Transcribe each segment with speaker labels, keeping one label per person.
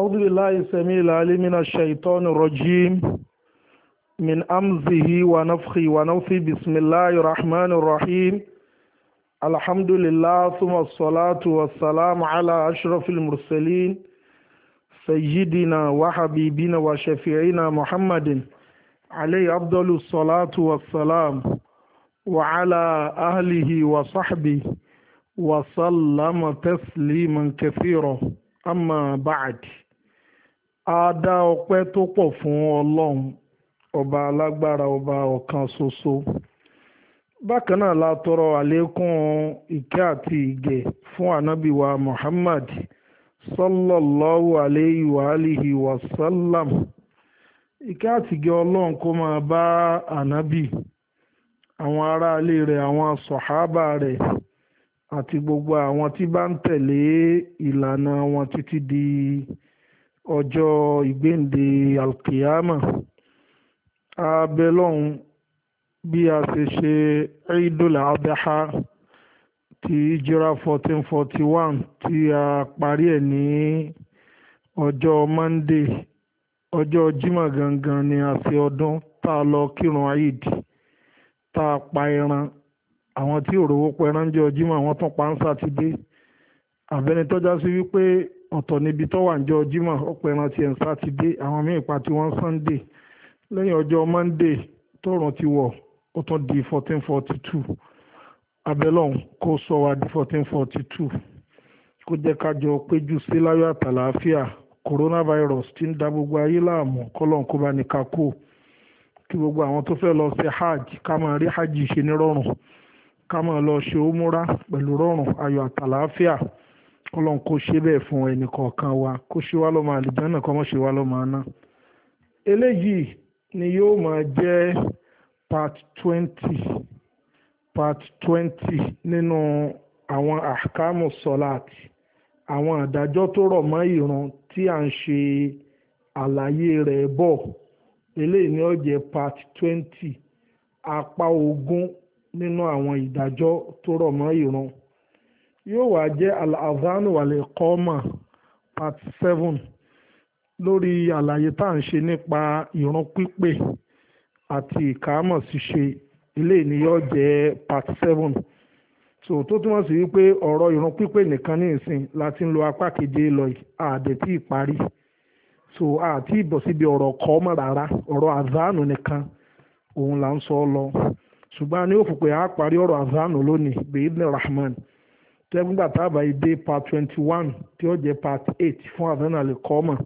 Speaker 1: أعوذ بالله السميع العليم من الشيطان الرجيم من أمزه ونفخه ونوفي بسم الله الرحمن الرحيم الحمد لله ثم الصلاة والسلام على أشرف المرسلين سيدنا وحبيبنا وشفيعنا محمد عليه أفضل الصلاة والسلام وعلى أهله وصحبه وسلم تسليما كثيرا أما بعد a dá ọpẹ́ tó pọ̀ fún ọlọ́run ọba alágbára ọba ọ̀kan ṣoṣo bákan náà la tọrọ àlékún ìkẹ́ àti ìgẹ̀ fún ànábì wa Muhammad sallallahu alayhi wa alihi wa sallam ìkẹ́ àti ìgẹ̀ ọlọ́run kó máa bá ànábì àwọn aráalé rẹ̀ àwọn sọ̀hábà rẹ̀ àti gbogbo àwọn tí bá ń tẹ̀lé ìlànà wọn títí di. ọjọ́ ìgbéǹde alkiyama abẹ́lọ́hún bí a ṣe ṣe Eidul Adha ti ìjírá 1441 tí a parí ẹ̀ ní ọjọ́ Monday ọjọ́ Jímọ̀ gangan ni a ṣe ọdún tá a lọ kírun Eid tá a pa ẹran àwọn tí òróró pẹran jọ Jímọ̀ àwọn tún pa ń sátidé àbẹ́ni tọ́já sí wípé ọ̀tọ̀ níbi tó wà níjọ́ Jímọ̀ ọ̀pọ̀ ẹran tiẹ̀ ń sátidé àwọn míì pa tiwọn Sunday lẹ́yìn ọjọ́ Monday tóòrùn ti wọ̀ ó tún di fourteen forty two abẹ́lọ́hún kó sọ wa di fourteen forty two kó jẹ́ ká péjú sí láyọ̀ àtàlàáfíà coronavirus ti ń da gbogbo ayé láàmú kọ́lọ́n kó bá ní ká kó kí gbogbo àwọn tó fẹ́ lọ ṣe hajj ká máa rí hajj ṣe ní rọrùn ká máa lọ ṣe òmúra pẹ̀lú rọrùn ayọ̀ àtàlàáfíà ọlọ́run kò ṣe bẹ́ẹ̀ fún ẹnì kọ̀ọ̀kan wa kó ṣe wá lọ́mọ àlìjánà kọ́ mọ́ ṣe wá lọ́mọ àná eléyìí ni yóò máa jẹ́ part twenty part twenty nínú àwọn àkámù sọláàtì àwọn àdájọ́ tó rọ̀ mọ́ ìrun tí à ń ṣe àlàyé rẹ̀ bọ̀ eléyìí ni ó jẹ́ part twenty apá ogún nínú àwọn ìdájọ́ tó rọ̀ mọ́ ìrun yóò wá jẹ́ al-azanu wal-iqama part seven lórí àlàyé tá à ń ṣe nípa ìrun pípè àti ìkámọ̀ ṣíṣe ilé ni jẹ́ part seven so tó túmọ̀ sí wípé ọ̀rọ̀ ìrun pípè nìkan ní ìsìn láti ń lo apá keje lọ àdè tí so àti ìbọ̀ síbi ọ̀rọ̀ kọ́ mọ̀ rárá ọ̀rọ̀ azanu nìkan òun là ń sọ lọ ṣùgbọ́n a ní òfò pé a parí ọ̀rọ̀ azanu lónìí bíi ibn rahman tẹ́gbùngbà tábà yìí part twenty one tí ó part eight fún àdánà lè kọ́ oro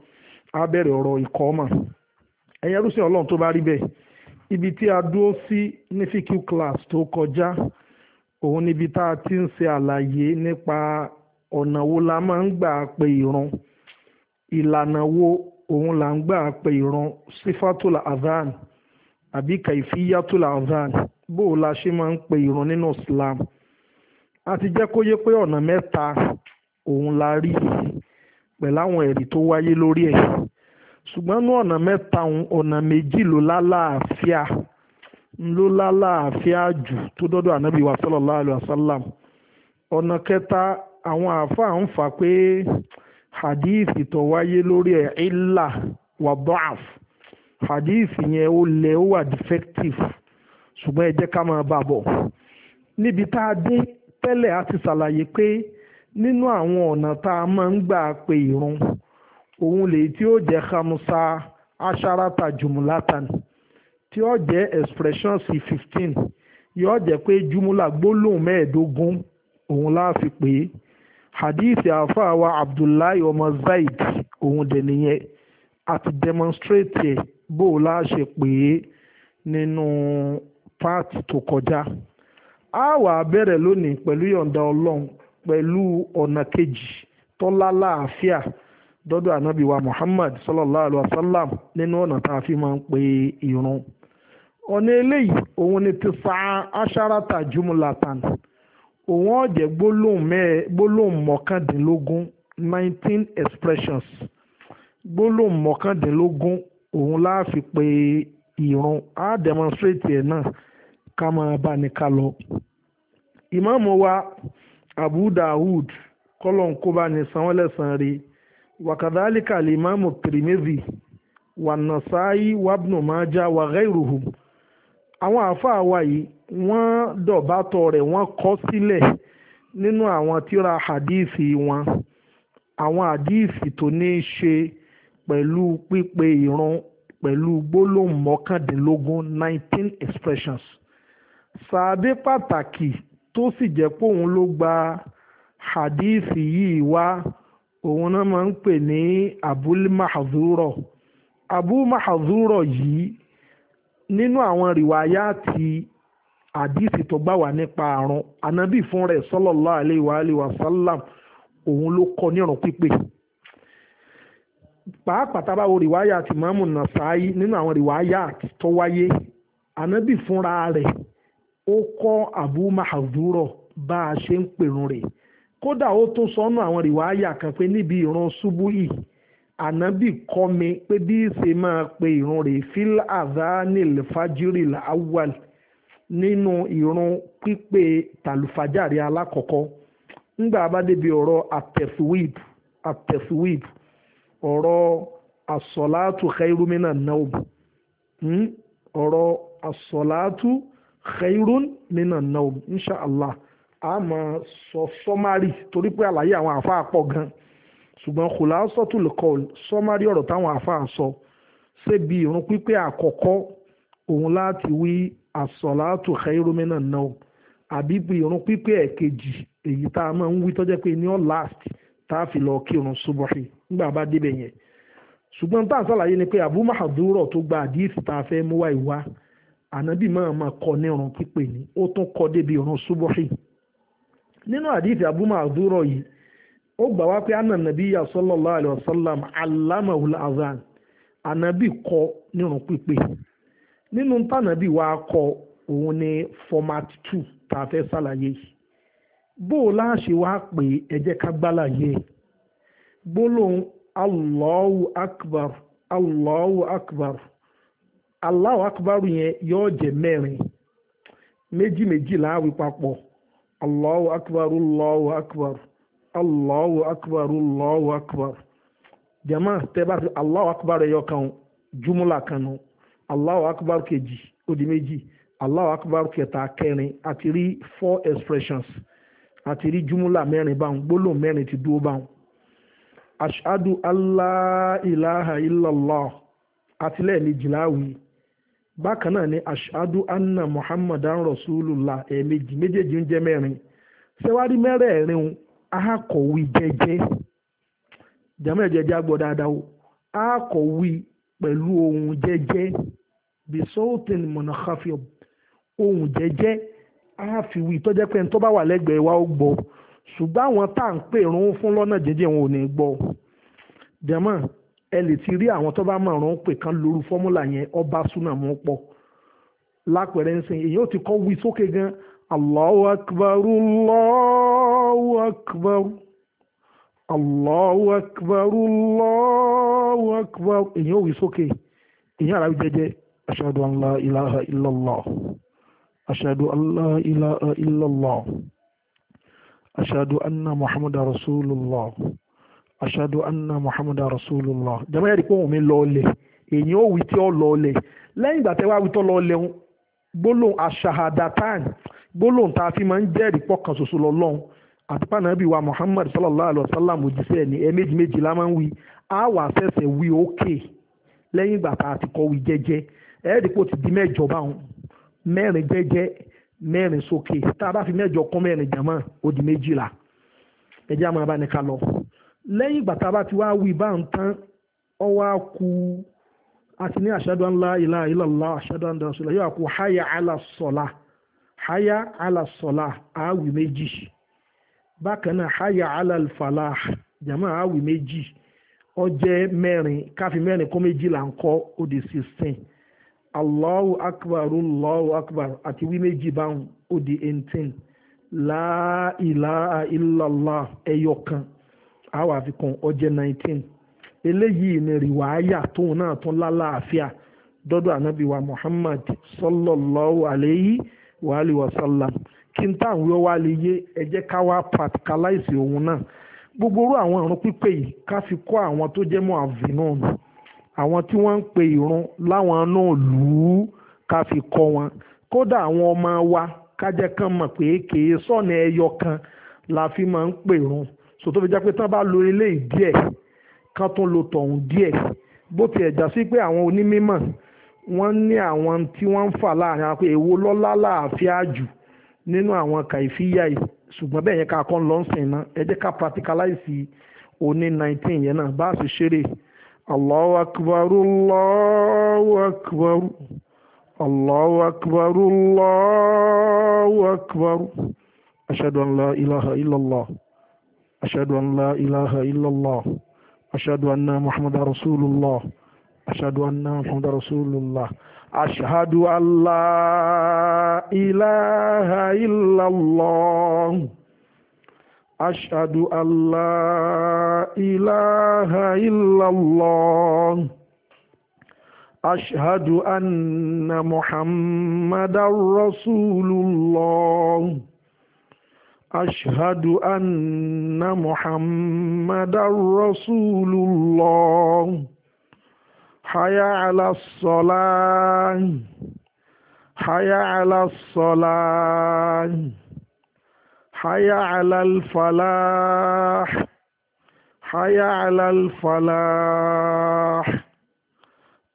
Speaker 1: á bẹ̀rẹ̀ ọ̀rọ̀ ikọ́ ọmọ ibi tí a dúró sí ní fq class tó kọjá òun níbi tá a ti ń ṣe àlàyé nípa ọ̀nà wo la máa ń pe ìran ìlànà wo òun là ń pe ìran sífàtúlà azan àbí kàìfíyàtúlà azan bó o la ṣe máa pe ìran nínú Islam. a ti jẹ́ kó yé pé ọ̀nà mẹ́ta òun la rí pẹ̀lú àwọn ẹ̀rí tó wáyé lórí ẹ̀ ṣùgbọ́n ní ọ̀nà mẹ́ta ọ̀nà méjì ló lálàáfíà ló lálàáfíà jù tó dọ́dọ̀ ànábì wa sallallahu alaihi wasallam ọ̀nà kẹta àwọn àáfàá ń fà pé hadith tó wáyé lórí ẹ̀ ilà wà dọ́àf hadith yẹn ó lẹ̀ ó wà defective ṣùgbọ́n ẹ jẹ́ ká máa bá bọ̀ níbi tá a dé tẹ́lẹ̀ a ti ṣàlàyé pé nínú àwọn ọ̀nà tá a máa ń gbà pe ìrun òun lèyí tí ó jẹ́ khamusa asharata jumulatan tí ó jẹ́ expression c fifteen yóò jẹ́ pé jumula gbólóhùn mẹ́ẹ̀ẹ́dógún òun láàfin pé hadith àáfàá wa abdullahi ọmọ zaid òun dẹ̀ nìyẹn àti demonstrate ẹ̀ bó o láṣẹ pé nínú part tó kọjá. a wàá bẹ̀rẹ̀ lónìí pẹ̀lú yọ̀ǹda ọlọ́run pẹ̀lú ọ̀nà kejì tọ́lá láàfíà dọ́dọ̀ ànábì wa Muhammad sallallahu alayhi wa sallam nínú ọ̀nà tá a fi máa ń pe irun ọ̀nà eléyìí òun ni ti sa aṣárata jumulatan òun ọ̀jẹ̀ gbólóhùn mọ́kàndínlógún nineteen expressions gbólóhùn mọ́kàndínlógún òun la pe irun a demonstrate ẹ̀ náà ká máa bá ní lọ. ìmáàmù wa abu dawud kọ́lọ̀nkóbá ní sanwó-ẹlẹ́sàn rí wàkàdálíkà lè ìmáàmù tìrìmẹ́zì wànàsáyí wàbnù májá wàgẹ́rùhù àwọn àáfàá wa yìí wọ́n dọ̀bátọ̀ rẹ̀ wọ́n kọ́ sílẹ̀ nínú àwọn tíra hadithi wọn àwọn hadithi tó ní í ṣe pẹ̀lú pípe ìran pẹ̀lú gbólóhùn mọ́kàndínlógún nineteen expressions sàbí pàtàkì tó sì jẹ́ pé òun ló gba hadithi yìí wá òun náà máa ń pè ní abul mahazuro abu mahazuro yìí nínú àwọn rìwáyà ti hadithi tó gbà wá nípa àrùn anabi fún rẹ̀ sallallahu alaihi wa alihi wa sallam òun ló kọ́ ní ọ̀ràn pípé pàápàá tábà wo rìwáyà ti Imamu Nasa'i nínú àwọn rìwáyà tó wáyé anabi fúnra ó kọ́ abu mahaduro bá a ṣe ń pèrun rẹ̀ kódà ó tún sọnù àwọn rìwáyà kan pé níbi ìran ṣubú yìí ànábì kọ́ mi pé bí ṣe máa pe ìrun rẹ̀ fil azanil fajiri awal nínú ìran pípé tàlùfájàre alákọ̀ọ́kọ́ ńgbà bá débi ọ̀rọ̀ àtẹ̀síwìb àtẹ̀síwìb ọ̀rọ̀ asọ̀látù hmm, ọ̀rọ̀ asọ̀látù khairun nínà náà inṣàlá a máa sọ sọmárì torí pé àlàyé àwọn àáfàá pọ̀ gan ṣùgbọ́n kòlá sọ́tùlù kọ́ọ̀l sọmárì ọ̀rọ̀ táwọn àáfàá sọ ṣébi ìrun pípé àkọ́kọ́ òun láti wí àsọ̀látù khairun nínà náà àbí ìrun pípé ẹ̀kejì èyí tá a máa ń wí tọ́jẹ́ pé ní all last tá a fi lọ kírun subuhi nígbà bá débẹ̀ yẹn ṣùgbọ́n tá à ń sàlàyé ni pé Abu Mahdura tó gba àdíìsì tá a fẹ́ mú wá ànábì máa máa kọ ní ọ̀run pípé ni ó tún kọ débi ọ̀run súbọ́hì nínú àdìsí abúmọ̀ àdúrọ̀ yìí ó gbà wá pé ànàbí yà sallallahu alaihi wasallam alámàwùl azan ànàbí kọ ní ọ̀run pípé nínú wa kọ òun ní format two tá a fẹ́ ṣàlàyé yìí bó o láṣẹ wá pé e. akbar akbar. Allahu akbaru yẹn yóò jẹ́ mẹ́rin méjì méjì láàwí papọ̀ Allahu akbaru Allahu akbaru Allahu akbaru Allahu akbaru jama tẹ́ bá ti Allahu akbaru ẹyọ kan jumla kan nù Allahu akbaru kejì ó méjì Allahu akbaru kẹta kẹrin àti rí four expressions àti rí jumla mẹ́rin báwọn gbólóhùn mẹ́rin ti dúró báwọn ashadu allah ilaha illallah àti lẹ́ẹ̀mejì láàwí bákan náà ni ashadu anna muhammadan rasulullah ẹ̀ẹ̀mejì méjèèjì ń jẹ́ mẹ́rin ṣẹ́wárí mẹ́rẹ̀ẹ̀rin akọ̀wé jẹ́jẹ́ jàmọ́ ẹ̀jẹ̀jẹ́ agbọ̀ dáadáa o akọ̀wé pẹ̀lú ohun jẹ́jẹ́ bisotin monokafio ohun jẹ́jẹ́ àfiwí tọ́jẹ́ pé tó bá wà lẹ́gbẹ̀ẹ́ wa ó gbọ́ ṣùgbọ́n àwọn tá à ń pè rún fún lọ́nà jẹ́jẹ́ wọn ò ní gbọ́ jàmọ́ ẹ lè ti rí àwọn tó bá máa ràn pè kan lóru fọ́múlà yẹn ọba súnà mọ́ pọ̀ lápẹ̀rẹ̀ ń sìn èyí ó ti kọ́ wí sókè gan Allahu akbar Allahu akbar Allahu akbar Allahu akbar èyí ó wí sókè èyí àrà jẹjẹ ashadu an la ilaha illallah ashadu an ilaha illallah ashadu anna muhammadu rasulullah ashadu anna muhammadan rasulullah jẹ́mọ́ yẹ́rì pé òun mi lọ ọlẹ̀ èyí ó wí tí ó lọ ọlẹ̀ lẹ́yìn ìgbà tẹ́wàá wí tó lọ ọlẹ̀ gbólóhùn ashahadatan gbólóhùn tá a fi máa ń jẹ́rìí pọ̀ kan ṣoṣo lọ́lọ́run àti pànàbí wa muhammad sallallahu alayhi wa sallam òjíṣẹ́ ẹni ẹ méjì méjì la máa ń wí á wà sẹ́sẹ̀ wí òkè lẹ́yìn ìgbà tá a ti kọ́ wí jẹ́jẹ́ ẹ̀ẹ́dì pò ti di mẹ́jọ báwọn mẹ́rin jẹ́jẹ́ mẹ́rin sókè tá a bá fi mẹ́jọ kún mẹ́rin jàmọ́ ó di méjìlá ẹjẹ́ àmọ́ abánika lọ lẹ́yìn ìgbà tá a bá ti wá wí bá ń tán ọ wá ku àti ní ashadu an la ilaha illallah ashadu anna rasulullah yóò kú háyà alásọ̀lá háyà alásọ̀lá àáwì méjì bákan náà háyà alálfàlá jàmá àáwì méjì ó jẹ́ mẹ́rin káfí mẹ́rin kó méjì là ń kọ́ ó sixteen allahu akbar allahu akbar àti wí méjì báwọn ó eighteen la ilaha illallah ẹyọ kan àwọn àfikún ọjẹ́ nineteen eléyìí ni rìwáyà tóun náà tún lálàáfíà dọ́dọ̀ ànábì Muhammad sallallahu alayhi wa alayhi wa kí n táwọn yóò wá lè yé ẹ jẹ́ ká òun náà àwọn pípé fi kọ́ àwọn tó jẹ́ mọ́ àvinọ́ọ̀n àwọn tí wọ́n ń pe ìrun láwọn náà lù ú fi kọ́ wọn kódà àwọn ọmọ wa ká jẹ́ kán mọ̀ pé la fi máa ń run so tó fi jẹ́ pé tán bá lo eléyìí díẹ̀ kán tó lo tọ̀hún díẹ̀ bó tiẹ̀ já sí pé àwọn onímọ̀ wọ́n ní àwọn tí wọ́n ń fà láàrin àwọn pé èwo lọ́lá láàfíà jù nínú àwọn kàìfíyà yìí ṣùgbọ́n bẹ́ẹ̀ yẹn ká kọ́ ń lọ sìn a sì ṣeré Allahu akbar Allahu akbar Allahu akbar أشهد أن لا إله إلا الله أشهد أن محمد رسول الله أشهد أن محمد رسول الله أشهد أن لا إله إلا الله أشهد أن لا إله إلا الله أشهد أن محمد رسول الله أشهد أن محمدا رسول الله حي على الصلاة حي على الصلاة حي على الفلاح حي على الفلاح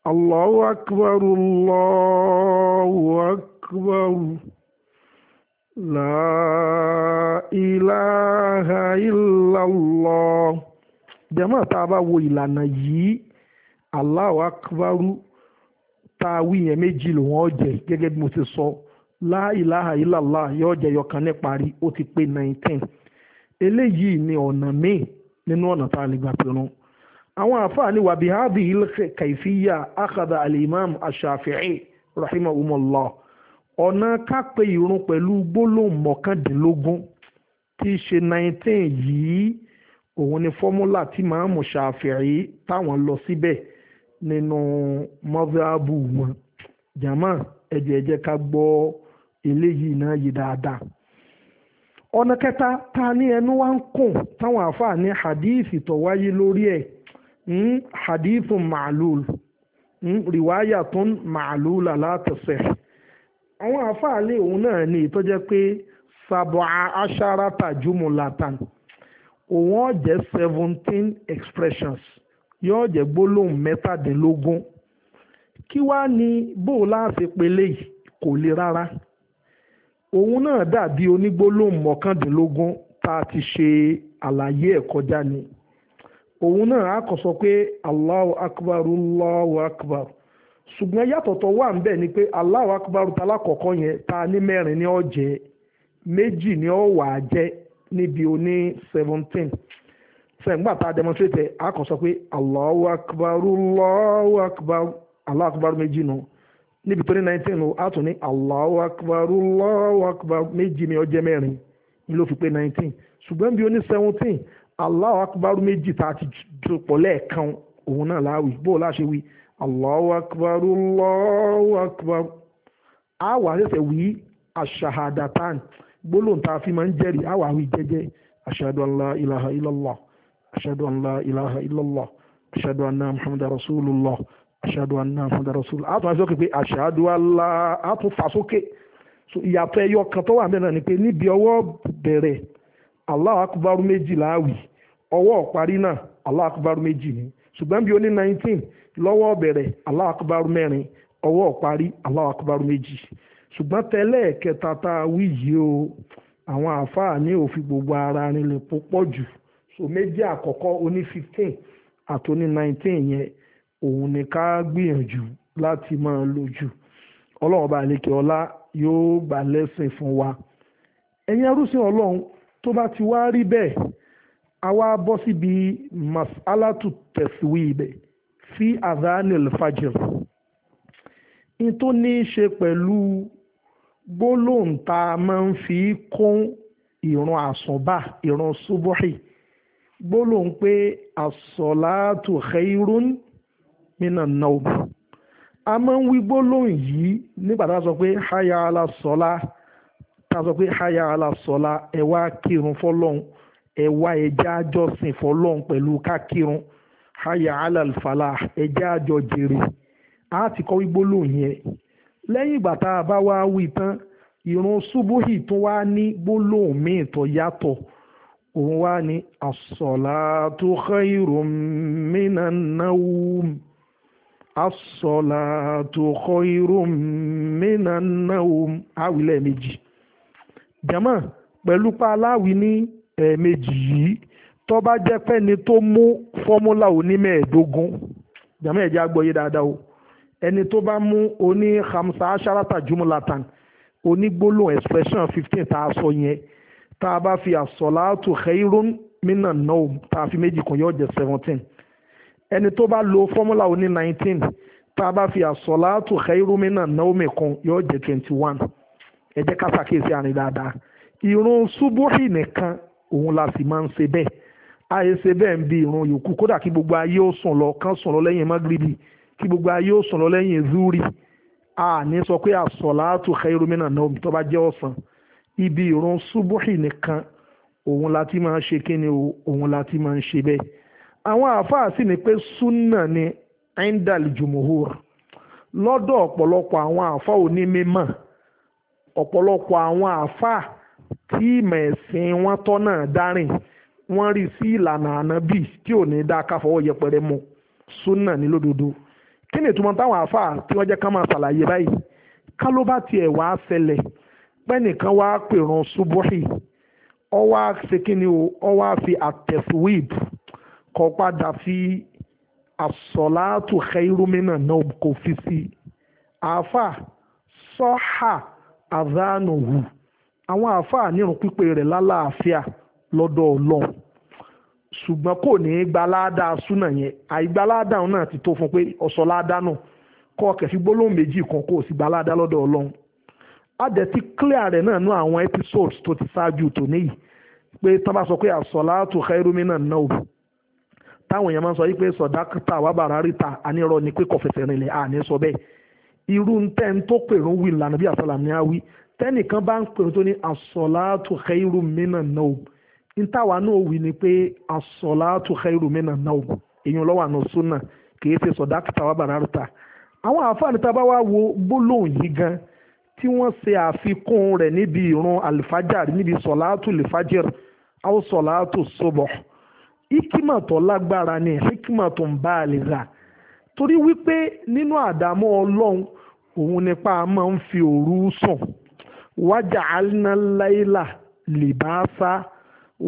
Speaker 1: الله أكبر الله أكبر la ilaha illallah jẹ́mọ́ tá a bá wo ìlànà yìí Allahu akbaru tá a wí yẹn méjì ló wọ́n jẹ gẹ́gẹ́ bí mo ti sọ la ilaha illallah yóò jẹ yọkan ní parí ó ti pé nineteen eléyìí ni ọ̀nà míì nínú ọ̀nà tá a lè gbà pinnu àwọn àfáà ní wàbí hadhihi kaifiya akhadha al-imam ash-shafi'i rahimahumullah ọ̀nà ká pe ìrun pẹ̀lú gbólóhùn mọ́kàndínlógún tí í ṣe nineteen yìí òun ni fọ́múlà tí màámù ṣàfihì táwọn lọ síbẹ̀ nínú mọ́fíàbù wọn jàmá ẹ̀jẹ̀ ẹ̀jẹ̀ ká gbọ́ eléyìí náà yìí dáadáa ọ̀nà kẹta ta ní ẹnu wá ń kùn táwọn àáfàá ní hadith tó wáyé lórí ẹ̀ hmm, hadith ma'lul hmm, riwaya tún ma'lula la tasih àwọn àfáàlẹ́ òun náà ni tó jẹ́ pé sabo asharata jumulatan òun ọ̀jẹ̀ seventeen expressions yóò jẹ́ gbólóhùn mẹ́tàdínlógún kí wá ní bóò láàṣẹ pélé yìí kò le rárá òun náà dàbí onígbólóhùn mọ́kàndínlógún tá a ti ṣe àlàyé ẹ̀ kọjá ni òun náà á kàn sọ pé Allahu akbar Allahu akbar ṣùgbọ́n yàtọ̀ wà ń bẹ̀ ni pé Allahu Akbar alákọ̀ọ́kọ́ yẹn ta ní mẹ́rin ni ó jẹ́ méjì ni ó wà á jẹ́ níbi oní seventeen sẹ́ǹgbà tá a demonstrate ẹ̀ a kàn sọ pé Allahu Akbar Allahu Akbar Allahu Akbar méjì nù níbi tó ní nineteen o a tún ní Allahu Akbar Allahu Akbar méjì ni ó jẹ́ mẹ́rin ni ló fi pé nineteen ṣùgbọ́n bí oní seventeen Allahu Akbar méjì tá a ti dòpọ̀ lẹ́ẹ̀kan òun náà láwì bó o láṣẹ wí allahu akbar allahu akbar a wà ṣẹ̀ṣẹ̀ wí aṣahadatan gbólóhùn tá a fi máa ń jẹ́rìí a wà wí jẹ́jẹ́ ashadu an la ilaha illallah ashadu an la ilaha illallah ashadu anna muhammadu rasulullah ashadu anna muhammadu rasulullah a tún aṣọ kékeré ashadu ala a tún fà sókè ìyàtọ̀ ẹyọ kan tó wà ń bẹ̀ náà ni pé níbi ọwọ́ bẹ̀rẹ̀ Allahu lọ́wọ́ bẹ̀rẹ̀ Allahu Akbar mẹ́rin ọwọ́ parí Allahu Akbar méjì ṣùgbọ́n tẹ́lẹ̀ kẹta tá a wí yìí o àwọn àáfàá ní òfin gbogbo ara rinlẹ̀ púpọ̀ jù so méjì àkọ́kọ́ oní fifteen àtòní nineteen yẹn òun ni ká gbìyànjú láti máa lò jù ọlọ́run bá àlekè ọlá yóò gbà lẹ́sìn fún wa ẹ̀yin arúsìn ọlọ́run tó bá ti wá rí bẹ́ẹ̀ àwa bọ́ síbi masalatu tẹ̀síwì bẹ́ẹ̀ fi adhanil fajr in tó ní í ṣe pẹ̀lú gbólóhùn tá a máa ń fi kún ìrun àsùnbà ìrun subuhi gbólóhùn pé as-salatu khairun minan nawm a máa ń wí gbólóhùn yìí nígbà tá a sọ pé haya ala sọlá tá a sọ pé haya ala sọlá ẹ wá kírun fọlọ́hún ẹ wá ẹja jọ́sìn fọlọ́hún pẹ̀lú ká kírun haya alal falah ẹjẹ́ àjọ jèrè a ti kọ́ gbólóhùn yẹn lẹ́yìn ìgbà tá a bá wá wí tán ìrun subuhi tó wá ní gbólóhùn míì tó yàtọ̀ òun wá ní as-salatu khayrun minan nawm as-salatu khayrun minan méjì jẹ́mọ̀ pẹ̀lú pa aláwi ní ẹ̀ẹ̀mejì yìí tó bá jẹ́ pẹ́ni tó mú fọ́múlà onímẹ̀ẹ́dógún jàmọ́ ẹ̀jẹ̀ agbọ́yé dáadáa o ẹni tó bá mú oní hamsa asharata jumlatan onígbólóhùn expression fifteen tá a sọ yẹn tá a bá fi as-salatu khairun minan naum tá a fi méjì kún yóò jẹ́ seventeen ẹni tó bá lo fọ́múlà oní nineteen tá a bá fi as-salatu khairun minan naum kún yóò jẹ́ twenty one ẹ̀jẹ̀ ká ṣàkíyèsí àárín dáadáa ìrun subuhi nìkan òun la sì máa ń ṣe bẹ́ẹ̀ àìsè bẹ́ẹ̀ ń bi ìrun yòókù kódà kí gbogbo ayé ó sùn lọ kán sùn lọ lẹ́yìn magribi kí gbogbo ayé ó sùn lọ lẹ́yìn zuri a ní sọ pé àsọ̀láàtù khairu minan naum tó bá jẹ́ ọ̀sán ibi ìrun subuhi nìkan òun la ti máa ṣe kíni o òun la máa ń ṣe bẹ́ẹ̀ àwọn àáfàá sì ni pé sunna ni indal jumuhur lọ́dọ̀ ọ̀pọ̀lọpọ̀ àwọn àáfàá òní mímọ̀ ọ̀pọ̀lọpọ̀ àwọn àáfàá tí ìmọ̀ ẹ̀sìn wọn tọ́ náà dárìn wọ́n rí sí ìlànà ànábì tí ò ní dá káfọwọ́ yẹpẹrẹ mu súnà ní lódodo kí ni ìtumọ̀ táwọn àáfàá tí wọ́n jẹ́ ká máa ṣàlàyé báyìí ká ló bá tiẹ̀ wá ṣẹlẹ̀ pẹ́nìkan wá pèrun ṣubúhì ọ wá ṣe kí ni o ọ wá fi àtẹ̀síwìb kọ padà fi àsọ̀láàtù xeyrúmínà náà kò fi sí i àáfàá sọ́hà àdánù wù àwọn àáfàá nírun pípé rẹ̀ lálàáfíà. La lọ́dọ̀ ọlọ́run ṣùgbọ́n kò ní í gba láàdá súnà yẹn àìgbà láàdá náà ti tó fún pé ọ̀sọ̀ láàdá náà kọ́ ọ̀kẹ́ fi gbólóhùn méjì kan kó o sì gba láàdá lọ́dọ̀ ọlọ́run adẹ̀ ti clear rẹ̀ náà nú àwọn episodes tó ti ṣáájú tòní yìí pé tán bá sọ pé àsọ̀láàtù khairumina náà wò táwọn èèyàn máa ń sọ yí pé sọ̀dákítà wàbàrà ríta ànírọ̀ ni pé kọ̀fẹ̀sẹ̀ rìnlẹ̀ àní sọ bẹ́ẹ̀ irú tẹ́ ń tó pèrún wí lànà bí àsàlàm ní àwí tẹ́nìkan bá ń pèrún tó ní àsọ̀láàtù khairumina náà wò ntàwa náà wí ni pé as-salatu khairu minan nawm èèyàn lọ́wọ́ àná súnà kì í ṣe sọ̀dá tàwa bàrárùtà àwọn àǹfààní tá a bá wá wo gbólóhùn yìí gan tí wọ́n ṣe àfikún rẹ̀ níbi ìrun alifájàrí níbi sọ̀látù lifájìr àwọn sọ̀látù sọ̀bọ̀ hikima tó lágbára ni hikima tó ń bá a lè rà torí wípé nínú àdámọ́ ọlọ́run òun nípa máa ń fi òru sùn wájà alínà láìlà libasa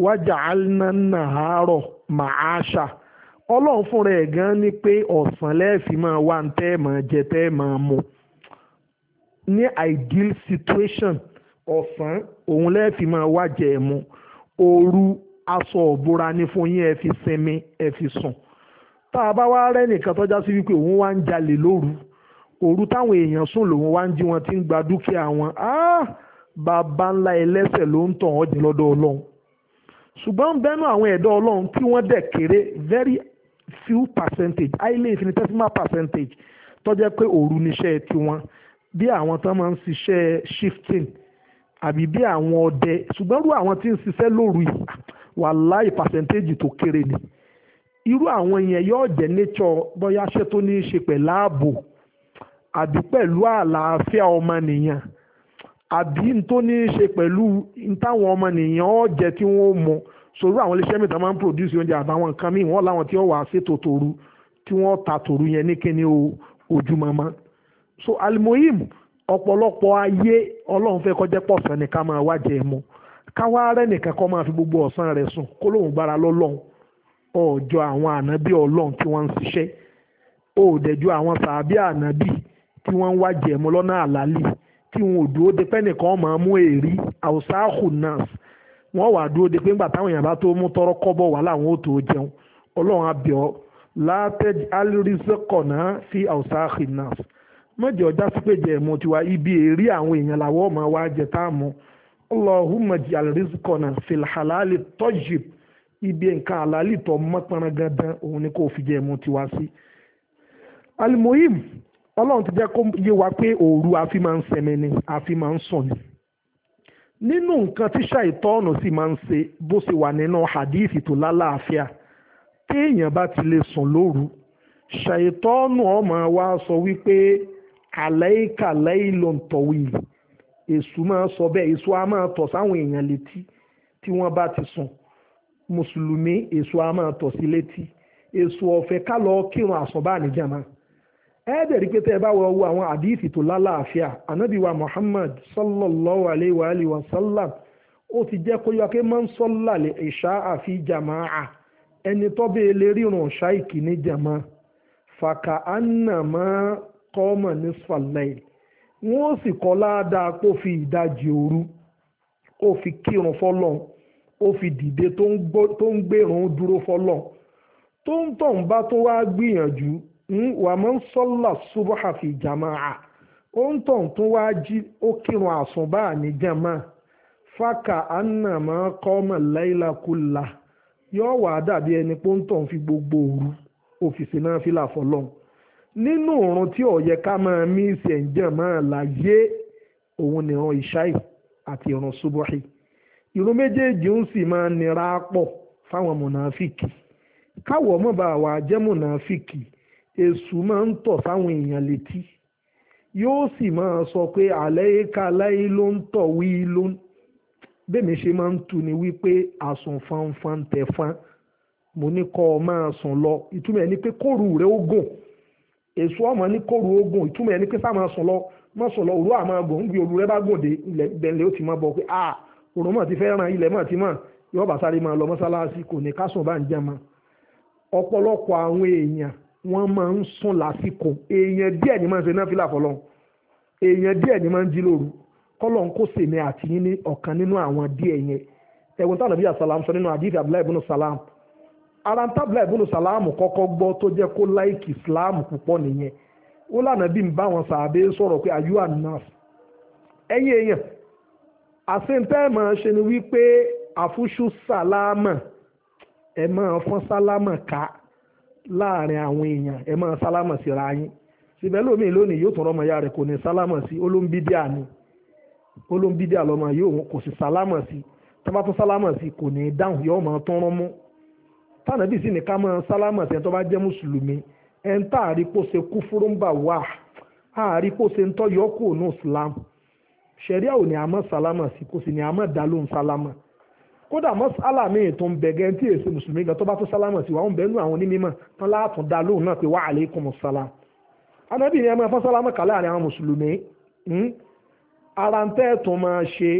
Speaker 1: wájà alnanaharo màáṣà ọlọ́run fúnra ẹ̀ gan ni pé ọ̀sán lẹ́ẹ̀fì máa wá ń tẹ́ máa jẹ tẹ́ máa mu ní ideal situation ọ̀sán òun lẹ́ẹ̀fì máa wá jẹ ẹ̀ mu òru aṣọ òbora ní fún yín ẹ fi sinmi ẹ fi sùn tá a bá wá rẹ́ nìkan tọ́já sí wípé òun wá ń jalè lóru òru táwọn èèyàn sùn lòun wá ń jí wọn ti ń gba dúkìá wọn bàbá ńlá ẹlẹ́sẹ̀ ló ń tàn ọ́ jìn lọ́dọ̀ ọlọ́run ṣùgbọ́n bẹ́nu àwọn ẹ̀dá ọlọ́run tí wọ́n dẹ̀ kéré very few percentage highly infinitesimal percentage tó jẹ́ pé òru níṣẹ́ tiwọn bí àwọn tó máa ń ṣiṣẹ́ shifting àbí bí àwọn ọdẹ ṣùgbọ́n rú àwọn tí ń ṣiṣẹ́ lóru yìí wàláì percentage tó kéré ni irú àwọn yẹn yóò jẹ́ nature bóyá ṣe tó ní í ṣe pẹ̀lú ààbò àbí pẹ̀lú àlàáfíà ọmọnìyàn àbí n tó ní í ṣe pẹ̀lú n táwọn ọmọ nìyẹn ọ́ jẹ tí wọ́n mọ sòrú àwọn iléeṣẹ́ mìíràn máa ń produce oúnjẹ àbáwọn nǹkan míì wọ́n láwọn tí wọ́n wà á ṣètò ta tòru yẹn ní kíni ojúmọ́mọ́ so alimoyim ọ̀pọ̀lọpọ̀ ayé ọlọ́run fẹ́ kọjá pọ̀sán ni ká máa wá jẹ káwá nìkan fi gbogbo ọ̀sán sùn kó lóun gbára lọ́lọ́run àwọn ànábì ọlọ́run tí wọ́n ń ṣiṣẹ́ òòdẹ̀jọ́ àwọn sàábì tí wọn ò dúró de pẹ́nìkan máa mú èrí àwòsáàkù náà wọ́n wàá dúró de pé ńgbà táwọn èèyàn bá tó mú tọrọ kọ́bọ̀ wà láwọn ò tó jẹun ọlọ́run abẹ́ọ́ látẹ́j alirizekọ̀nà sí àwòsáàkù náà mọ̀jẹ̀ ọjà sípè jẹ́ ẹ̀mọ́ tiwa ibi èrí àwọn èèyàn làwọn ọmọ wa jẹ táàmù ọlọ́hùnmọ̀ jẹ́ alirizekọ̀nà filhalali tọ́jìb ibi nǹkan àlálì tó mọ́ pọnrangandan òun ni kò fi jẹ́ ẹ̀mọ́ tiwa sí. alimoyim ọlọ́run ti jẹ́ kó yé wa pé òru àfi máa ń sẹmi ni àfi máa ń sùn ni nínú nǹkan tí ṣàìtọ́ọ̀nù sì máa ń ṣe bó ṣe wà nínú hadith tó lálàáfíà téèyàn bá ti lè sùn lóru ṣàìtọ́ọ̀nù ọmọ wa sọ wípé àlẹ́kà lẹ́ìlọ́n tọ̀wé èṣù máa sọ bẹ́ẹ̀ èṣù á máa tọ̀ sáwọn èèyàn létí tí wọ́n bá ti sùn mùsùlùmí èṣù á máa tọ̀ sí létí èṣù ọ̀fẹ́ ká lọ kírun àsùnbà níjàmá ẹ̀ẹ́dẹ̀rí pé tẹ́ ẹ bá wọ ọwọ́ àwọn àdìsí tó lálàáfíà ànábì Muhammad sallallahu alayhi wa alihi wa sallam ó ti jẹ́ kó yọ kí man salla li isha'a fi jama'a ẹni tó bẹ́ẹ̀ lè ríran ṣáìkì ní jama fàkà ànàmọ́ kọ́mọ̀ ní sfalail wọ́n sì kọ́ ládàá wà máa ń sọ́là ṣubúhà fi jàmáà ó ń tàn tún wá jí ó kírun àsùnbà ní jàmáà fáka anamọ yọọ waa yóò wà dàbí ẹni pé ń tàn fi gbogbo òru òfìsì náà fi là fọlọ́n nínú òrùn tí ó yẹ ká máa mí ìsẹ̀ǹjẹ̀ máa láyé òun nìran ìṣáì àti ìran ṣubúhì méjèèjì ń sì máa nira pọ̀ fáwọn mọ̀nàfíkì káwọ̀ mọ̀ bá wa jẹ́ mọ̀nàfíkì esu máa ń tọ̀ sáwọn èèyàn létí yóò sì máa sọ pé àlẹ́ ká ló ń tọ̀ wí ló ń ṣe máa ń tu ni wípé àsùn fanfan tẹ̀fan mo ní kọ́ ọ máa sùn lọ ìtumọ̀ ẹ̀ ni pé rẹ̀ ó gùn èṣù ọmọ ní kóòrù ó gùn ìtumọ̀ ẹ̀ ni pé sáà máa sùn lọ máa sùn lọ òru gùn ń gùn dé ó ti máa bọ̀ pé a ah, òrùn mọ̀ ti fẹ́ ilẹ̀ mọ̀ ti mọ̀ yọ̀ọ́ lọ mọ́sálásí kò ní ká sùn wọ́n máa ń sùn lásìkò èèyàn díẹ̀ ni máa ń ṣe náfìlà fọlọ́n èèyàn díẹ̀ ni máa ń jí lóru kọ́lọ̀ ń kó sèmi àti yín ní ọ̀kan nínú àwọn díẹ̀ yẹn ẹ̀wọ̀n tí Ànábì àsàlám sọ nínú àdìsí Abdullahi ibn Salam ara tí Abdullahi ibn Salam kọ́kọ́ gbọ́ tó jẹ́ kó láìkì Islam púpọ̀ nìyẹn ó lànà bí n bá wọn sàbẹ sọ̀rọ̀ pé ayu anas ẹ̀yin èèyàn àṣentẹ́ẹ̀mọ̀ ṣe ni wípé àfúṣù sálámà ẹ̀ máa fọ́n sálámà ká láàrin àwọn èèyàn ẹ máa sálámà síra yín síbẹ̀ lómi lónìí yóò tún rọmọ ya rẹ̀ kò ní sálámà sí olóńbídíà ni olóńbídíà lọmọ yóò kò sì sálámà sí tọ́ba tún sálámà sí kò ní dáhùn yóò máa tún rán mú tànàbí sì ní ká máa sálámà sí ẹni tó bá jẹ́ mùsùlùmí ẹni tá àrí kó ṣe kú fúrúmbà wà àrí kó ṣe ń tọ́ yọkù ní islam ṣẹ̀ríà ò ní àmọ́ sálámà sí kò sì ní àmọ́ dá lóhùn sálámà sí kódà mọ́sálà míì tó ń bẹ̀gẹ́ tí èsì mùsùlùmí gan tó bá tó sálámọ̀ sí wa ń bẹ̀ẹ́nu àwọn onímọ̀ tán láàtún dá lóhùn náà pé wa alaykum salam anábì ni ẹ máa fọ́n sálámọ̀ kà láàrin àwọn mùsùlùmí hmm? ara ń tẹ́ tó máa ṣe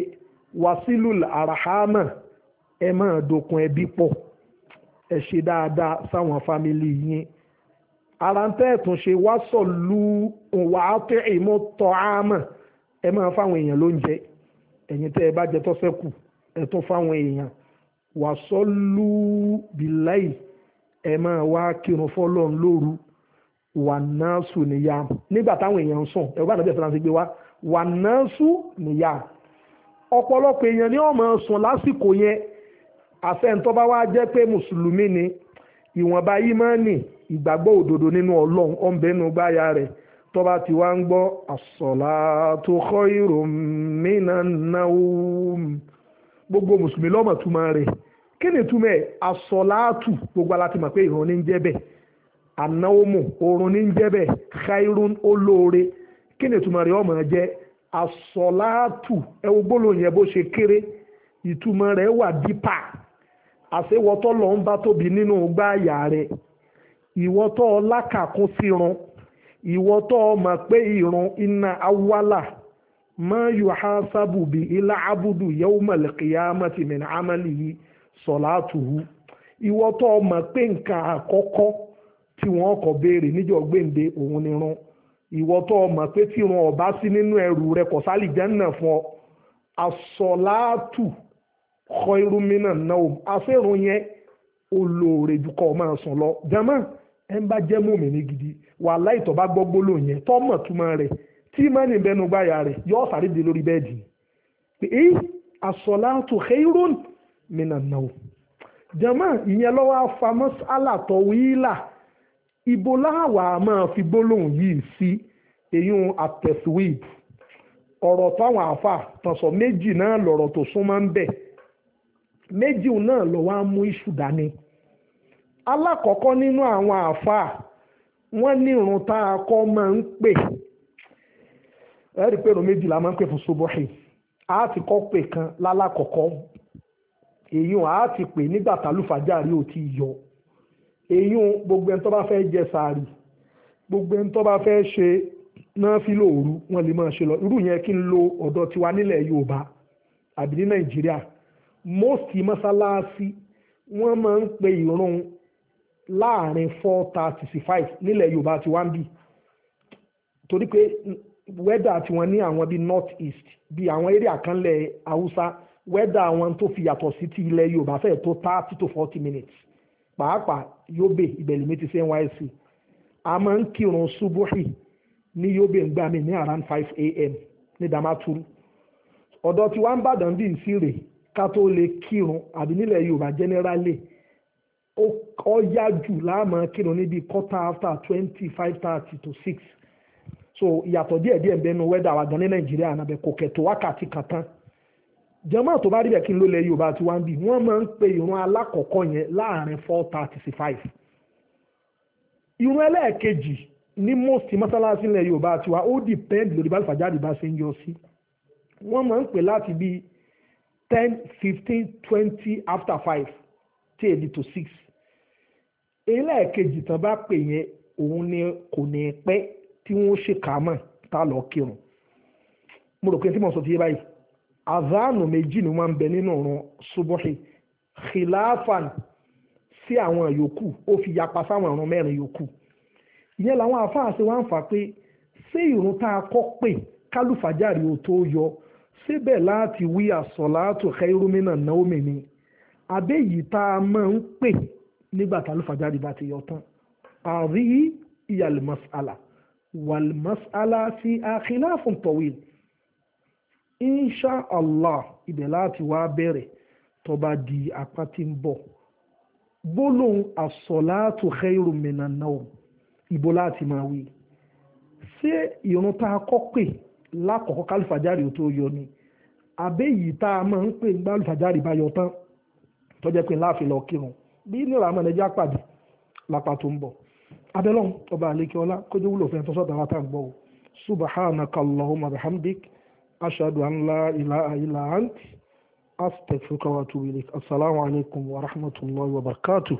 Speaker 1: wasilul arahama ẹ máa dokun ẹbí pọ̀ ẹ ṣe dáadáa sáwọn fámìlì yín ara ń tẹ́ tó ṣe wásọ̀lù wàátẹ́ ìmọ̀tọ̀ àmọ̀ ẹ máa fáwọn èèyàn lóúnjẹ ẹ̀yin tẹ́ ẹ bá jẹ tọ́sẹ́kù ẹ̀tọ́ fáwọn èèyàn wàsọ́lù bìláì ẹ máa wá kírun fọ́lọ́run lóru wà náà sùn níyà nígbà táwọn èèyàn ń sùn ẹ̀rọ bá nàbẹ̀ fẹ́ràn sí gbé wá wà náà sùn níyà ọ̀pọ̀lọpọ̀ èèyàn ni wọ́n máa sùn lásìkò yẹn àfẹ́ǹtọ́ bá wá jẹ́ pé mùsùlùmí ni ìwọ̀nba yìí máa nì ìgbàgbọ́ òdodo nínú ọlọ́run ọ̀nbẹ́nu gbáya rẹ̀ tọ́ba ti wá ń gbọ́ àsọ̀lá ìròmínà náà gbogbo mùsùlùmí lọ́mọ̀ túmọ̀ rẹ̀ kí ni túmọ̀ ẹ̀ asọ̀láàtù gbogbo aláti mọ̀ pé ìrun ní ń jẹ́ bẹ́ẹ̀ anáwómù oorun ní ń jẹ́ bẹ́ẹ̀ khairun olóore kí ni túmọ̀ rẹ̀ ọmọ jẹ́ asọ̀láàtù ẹ wo gbólóhùn yẹn bó ṣe kéré ìtumọ̀ rẹ̀ wà dípà àṣewọ́tọ́ lọ ń bá tóbi nínú gbáàyà rẹ̀ ìwọ́tọ́ ọlákàkún sírun ìwọ́tọ́ ọmọ pé ìrun iná awálà ma yuhasabu bi ila abudu yawmal qiyamati min amalihi salatuhu ìwọ tó o mọ̀ pé nǹkan àkọ́kọ́ tí wọ́n kọ̀ béèrè níjọ́ gbèǹde òun ni run ìwọ tó o mọ̀ pé tí run ọ̀bá sí nínú ẹrù rẹ kò sálì jẹ́nà fún ọ asọ̀látù khairu minan naum àṣẹ̀rùn yẹn olóore ju kọ́ ọ máa sùn jama ẹ ń bá jẹ́ mòmìnir gidi wàhálà ìtọ́ bá gbọ́gbó lò yẹn tọ́ mọ̀ túmọ̀ rẹ̀ tí mẹ́rin bẹnu gbáyà rẹ̀ yóò sáré lórí bẹ́ẹ̀dì pé èyí as minan nawm jama ìyẹn lọ́wọ́ afamọ́ alàtọ̀ wíìlà ibo láwà máa fi gbólóhùn yìí sí eyín atẹ̀síwìd ọ̀rọ̀ táwọn àáfà tọ̀sọ̀ méjì náà lọ̀rọ̀ tó ń bẹ̀ méjì náà lọ́wọ́ mú iṣu dání alákọ̀ọ́kọ́ nínú àwọn wọ́n ní irun tá a kọ́ máa pè ẹ rí i pé ìrun méjì la máa ń pè fún sobohi a ti kọ́ pè kan lálàkọ̀kọ́ èyún a ti pè nígbà tálùfájàrí ò ti yọ èyún gbogbo ẹni tó bá fẹ́ jẹ sàárì gbogbo ẹni tó bá fẹ́ ṣe náà fi lóòru wọn lè máa ṣe lọ irú yẹn kí n lo ọ̀dọ̀ tiwa nílẹ̀ Yorùbá àbí ní Nàìjíríà most mọ́sálásí wọ́n máa ń pe ìrun láàrin four thirty to five nílẹ̀ Yorùbá tiwa ń bì torí pé wẹ́dà tí wọ́n ní àwọn bíi north east bíi àwọn area kan lẹ̀ haúsá wẹ́dà àwọn tó fi yàtọ̀ sí ti ilẹ̀ yorùbá fẹ́ẹ̀ tó thirty to forty minutes pàápàá yobe ìbẹ̀lẹ̀ mi ti ṣe nysc a máa ń kírun subuhi ní yobe ngbà mi ní around five a.m. ní damaturu ọ̀dọ̀ tí wọ́n ń bàdàn bí ìsirè ká tó lè kírun àbí nílẹ̀ yorùbá generally ó yá jù láàmú kírun níbi quarter after twenty five thirty to six so ìyàtọ̀ díẹ̀ díẹ̀ bẹ́ẹ̀ nu wẹ́dà wa gan ní nàìjíríà nàbẹ̀ kò kẹ̀ tó wákàtí kan tán jẹ́mọ́ tó bá rí bẹ́ẹ̀ kí n ló lẹ yorùbá tí wọ́n ń bì wọ́n máa ń pe ìrun alákọ̀ọ́kọ́ yẹn láàrin four thirty to five ìrun ẹlẹ́ẹ̀kejì ní most mọ́sálásí ilẹ̀ yorùbá tí wa ó depend lórí bá fàjáde bá ṣe ń yọ sí wọ́n máa ń pè láti bíi ten fifteen twenty after five tí èdè tó six ẹlẹ́ẹ̀kejì tán bá pè yẹn òun ni kò ní pẹ́ tí wọ́n ṣèkà mọ̀ tá lọ kírun mo rò pé tí mo sọ ti yé báyìí àzánù méjì ni wọ́n ń bẹ nínú ọ̀run subuhi khilafan sí àwọn yòókù ó fi yapa sáwọn ọ̀run mẹ́rin yòókù ìyẹn làwọn afáàṣe wa ń fà pé ṣé ìrun tá a kọ́ pè kálùfàjárì ò tó yọ síbẹ̀ láti wí àsọ̀láàtò kẹ́rùmínà náómi ni àbẹ́yì tá a máa ń pè nígbà tálùfàjárì bá ti yọ tán àrí ìyàlẹ̀ mas'ala wàlmásálá في àkìláfún طويل insha شاء الله láti wá bẹ̀rẹ̀ tó بو di apá tí من النوم gbólóhùn ماوي khairu minan naum ìbò láti máa wí ṣé ìrun tá a kọ́ pè lákọ̀ọ́kọ́ kálífàjárì tó yọ ni àbẹ́yìí tá a máa ń pè ń gbálífàjárì bá yọ tán tó jẹ́ pé láàfin lọ kírun bí nílànà ẹja pàdé lápá tó ń bọ̀ abẹ́lọ́n ọba àlékè ọlá kójú wúlò fún ẹ̀tọ́ sọ́dọ̀ àwọn àgbọ̀ subhanaka allahumma bihamdik ashhadu an la ilaha illa anti astaghfiruka wa atubu assalamu alaikum wa rahmatullahi wa barakatuh